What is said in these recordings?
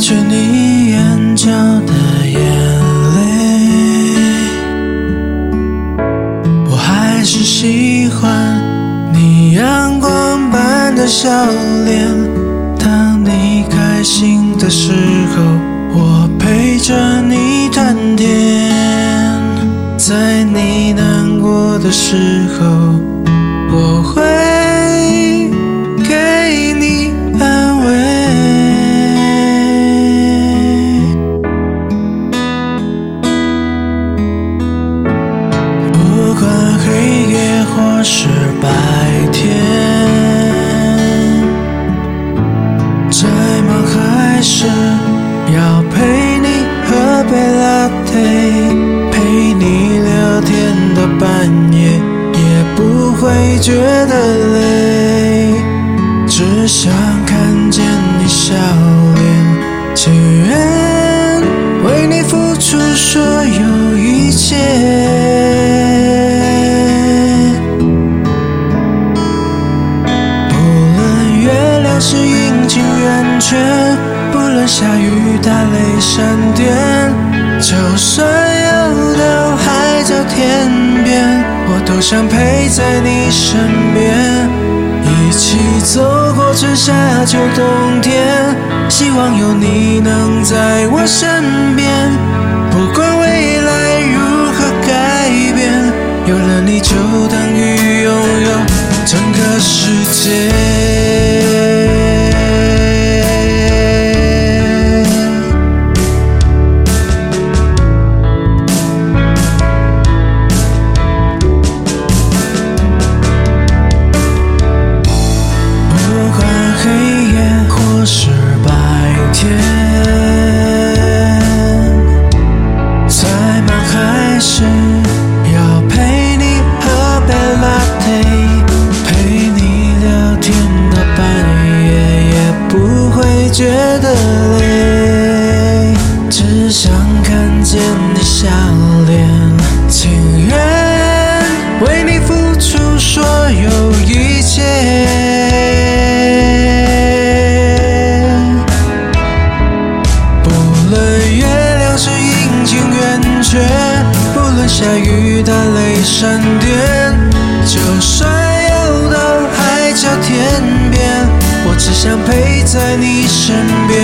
擦去你眼角的眼淚，我還是喜歡你陽光般的笑臉。當你開心的時候，我陪着你談天；在你難過的時候，是白天，再忙還是要陪你喝杯 Latte，陪你聊天到半夜也不會覺得累，只想看見你笑臉，情願為你付出所有。是陰晴圓缺，不論下雨打雷閃電，就算要到海角天邊，我都想陪在你身邊，一起走過春夏秋冬天，希望有你能在我身邊。覺得累，只想看見你笑臉，情願為你付出所有一切。不論月亮是陰晴圓缺，不論下雨打雷閃電，就算要到海角天邊。我只想陪在你身邊，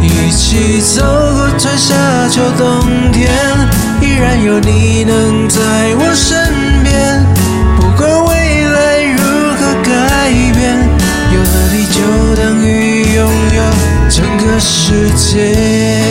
一起走過春夏秋冬天，依然有你能在我身邊。不管未來如何改變，有了你就等於擁有整個世界。